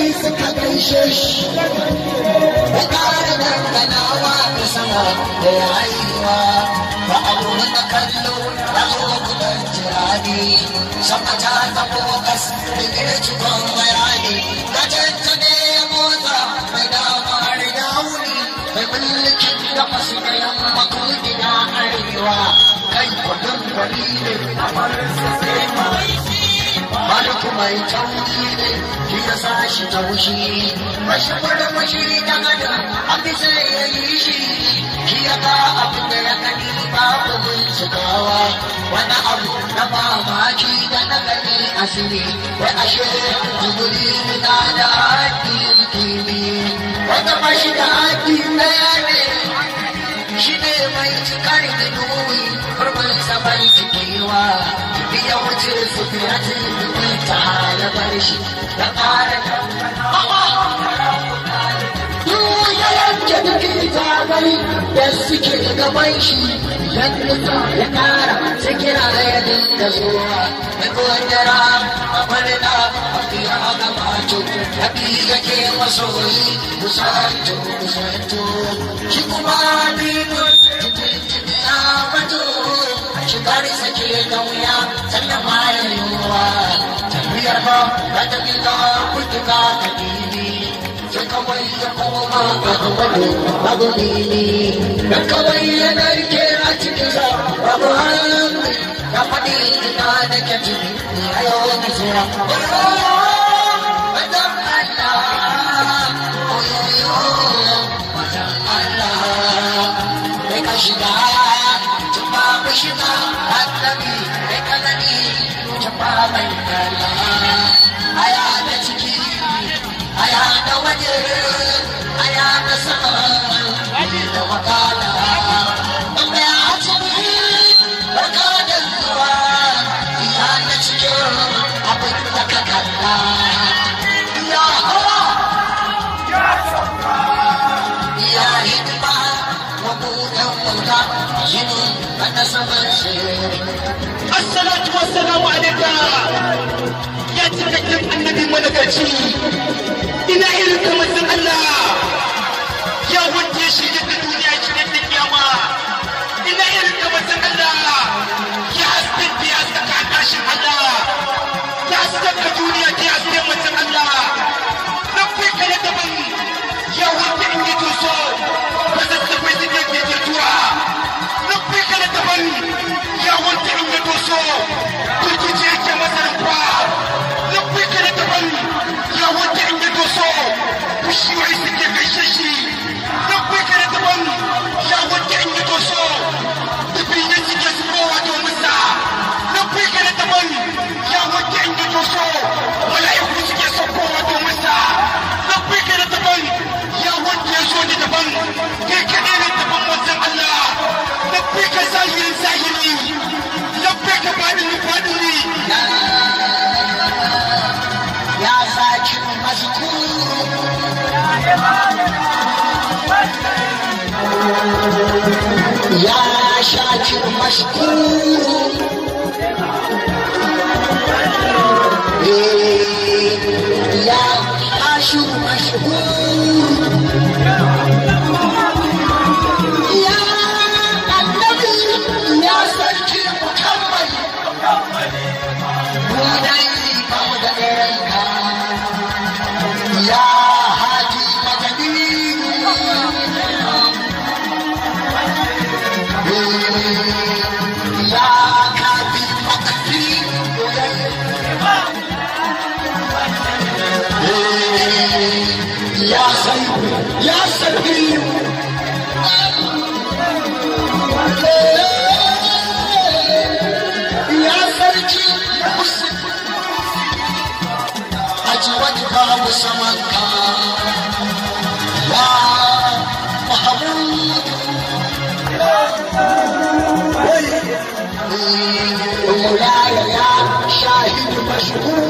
sai suka gaishe shi ya ƙara danganawa da sama da ya rayuwa ba a abu na kallo na lokutan jirani sama ta zamo kas da girkikon bayani na ya mota mai dama har dauni mai mulkin da masu da yamma ko gida arewa kai kwadon gwani ne a farinsa sai mawai Malik mai ne shi ya sa shi taushi mashi murmushi da gada abin sai ya yi shi shi ya ga abin da ya gani babu bincikawa wani abu na mamaki da na gani asiri wai ashe jibiri na da haƙƙin kimi wata bashi da haƙƙin ɗaya ne shi ne mai cikar da duwi gurbin saban cikewa ce fitratin mai ta ya bar shi ya ta da suke gaban shi yan nufa ya ƙara ta kira ya dinga zuwa da kodara a farda a fiye a masoyi kusanto kusanto shi kuma kari sake da wuya sannan ya yiwuwa tafiyar ba ba ta fi ta kultuka ta dini sai kawai ya koma ga wani babu dini dan kawai yana rike a cikin sa babu hannu faɗi ina da kyau a yau da I kala aya da I aya da wajen Assalatu wassalamu alaika ya cikakken annabi malakaci ina irin kamar Allah ya wanda shi daga duniya shi da kiyama ina irin kamar Allah ya hasken da ya haskaka tashin Allah ya haskaka duniya ta hasken mutum Allah يا شاكر مشكور يا سفير يا سرجي أجودك وسمك يا محمود مولاي يا شاهد مشهور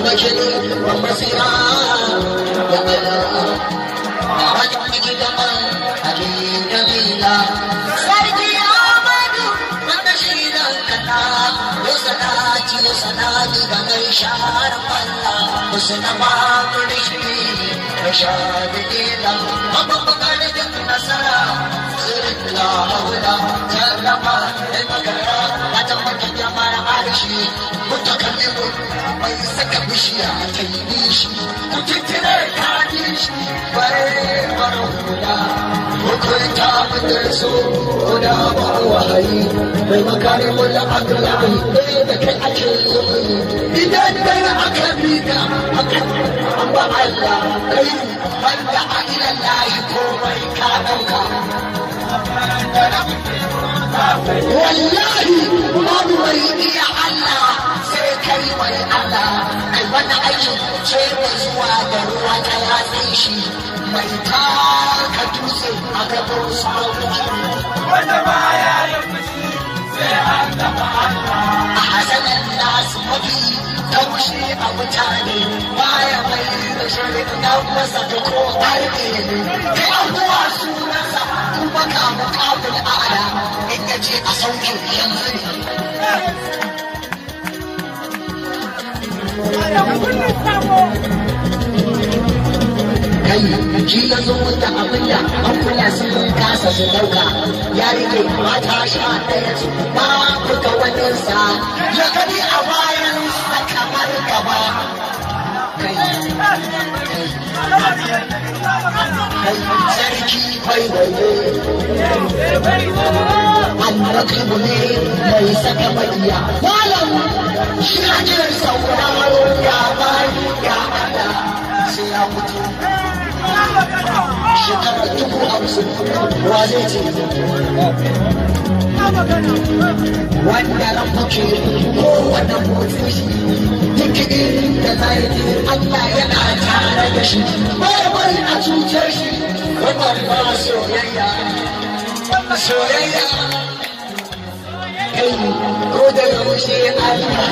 بشر وبصيرا يقدر أردت جدما حكيم جميلا سرجي أحمد وتشيلا كنا وصلاتي وصلاتي بغير شهر فلا حسن ما تدش بيه رشاد ديلا وبقى لك نصرا صرت لا حول جرما لك da jamar arshi bai saka bishiya ta yi nishi kututtunar ta nishi bare bare huda mutum ta so guda ba wahayi mai makarin wani ɗaya da kai yi idan dai bi ba Allah kai banda a ilallahi komai ka ɗauka. Wallahi mata ai wani aikin cewa zuwa da ruwa ta yatsin shi mai taka tuse a gaban sarauta wanda ba ya yi fushi sai an gaba a hasanar nasu mafi taushi a mutane baya mai da shirin na kusa da ko arke kai abuwa sunansa kuma kamu kafin a'ala in ce a sauke yanzu shi ya zo da abin da an kula sun kasa su dauka ya rike mata sha ɗaya su ba buga waninsa ya gani a bayan sa kamar gaba sarki waiwaye annabi ne mai saka maƙiya shi ake sauran ya bayi ya hada sai ya mutu shekarar dubu hamsin wa zai ce wanda ran muke ko wanda motsi shi duk da zai Allah yana tare da shi bai bari a cutar shi wannan ba soyayya soyayya kai ko da yaushe Allah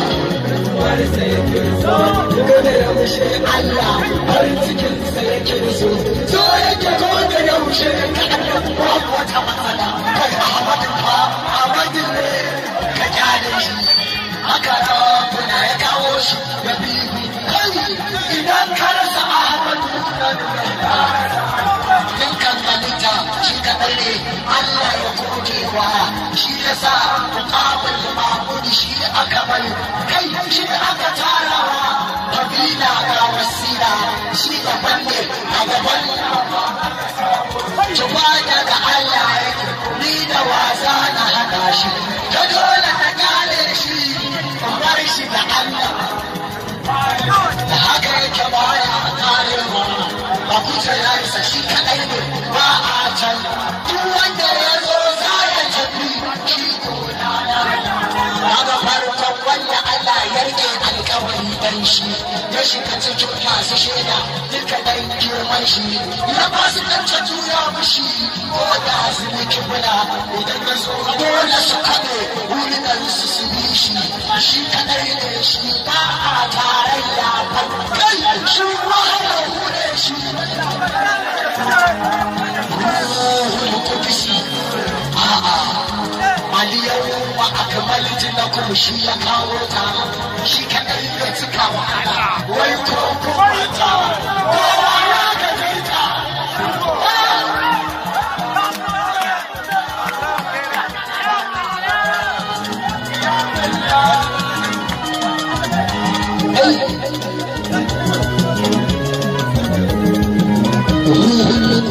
har sai kin so ko Allah cikin so yake ko yaushe ka Allah wata matsala ka ga ne ka kyale haka rabbuna ya kawo shi ya bi kai idan shi kadai ne Allah ya goge wa shi sa. Cuba daga Allah yake ni da wasa na haka shi, ta dole ta kare shi, bar shi da Allah. Da haka yake baya karewa, ba kuce ya isa shi kaɗai ne ba a can. Duk wanda ya zo za ya tafi shi gona na. Daga farkon wanda Allah ya rike alkawari dan shi, ya shiga cikin masu shaida duka dan fashi na masu kanta mushi ko da azumi kibula idan ka zo dole su su su bi shi shi kadai ne shi ba a tarayya kai shi wahala hure shi Ruhul Qudsi a'a aliyau shi ya kawo ta shi kaɗai ya cika wa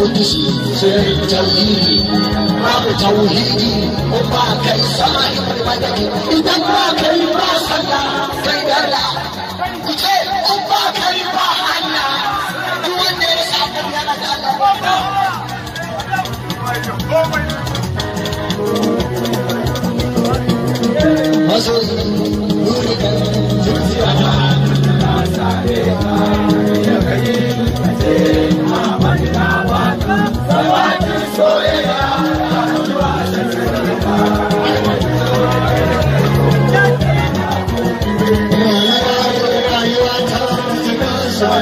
kudusi sirrin tauhidi babu tauhidi ko ba kai sama ibada take idan ba kai ba sallah kai dala ku ce ko ba kai ba Allah duk wanda ya sa kun yana da Allah masoyi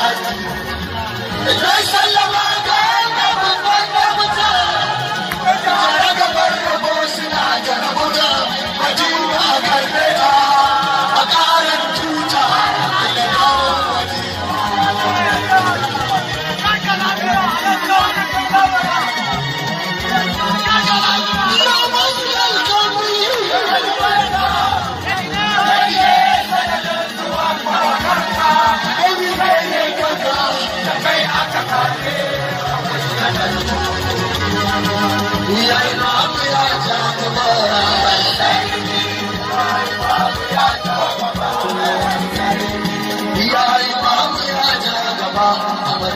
Rejoice, Allah!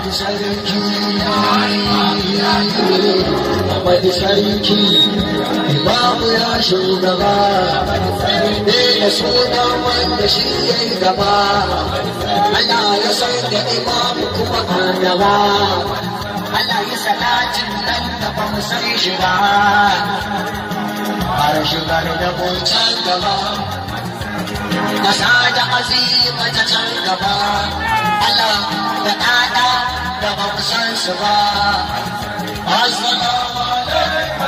Muhammad sarki Muhammad sarki babu ya shugaba ne da suna wanda shi ya yi gaba ana ya san da imamu kuma annaba ana yi salatin nan da ba mu san shi ba har shigar da mun can gaba ƙasa da azima ta can gaba Allah da ɗaɗa بغطشان شباب أشرق الله عليك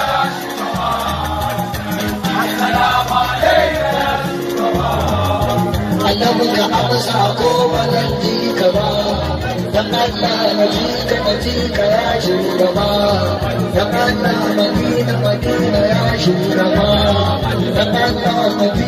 السلام عليك يا شباب قلبك حبس عقوبة نديك باب لم أدنى نجيك نجيك يا شباب لم أدنى مدينة مدينة يا شباب لم أدنى مدينة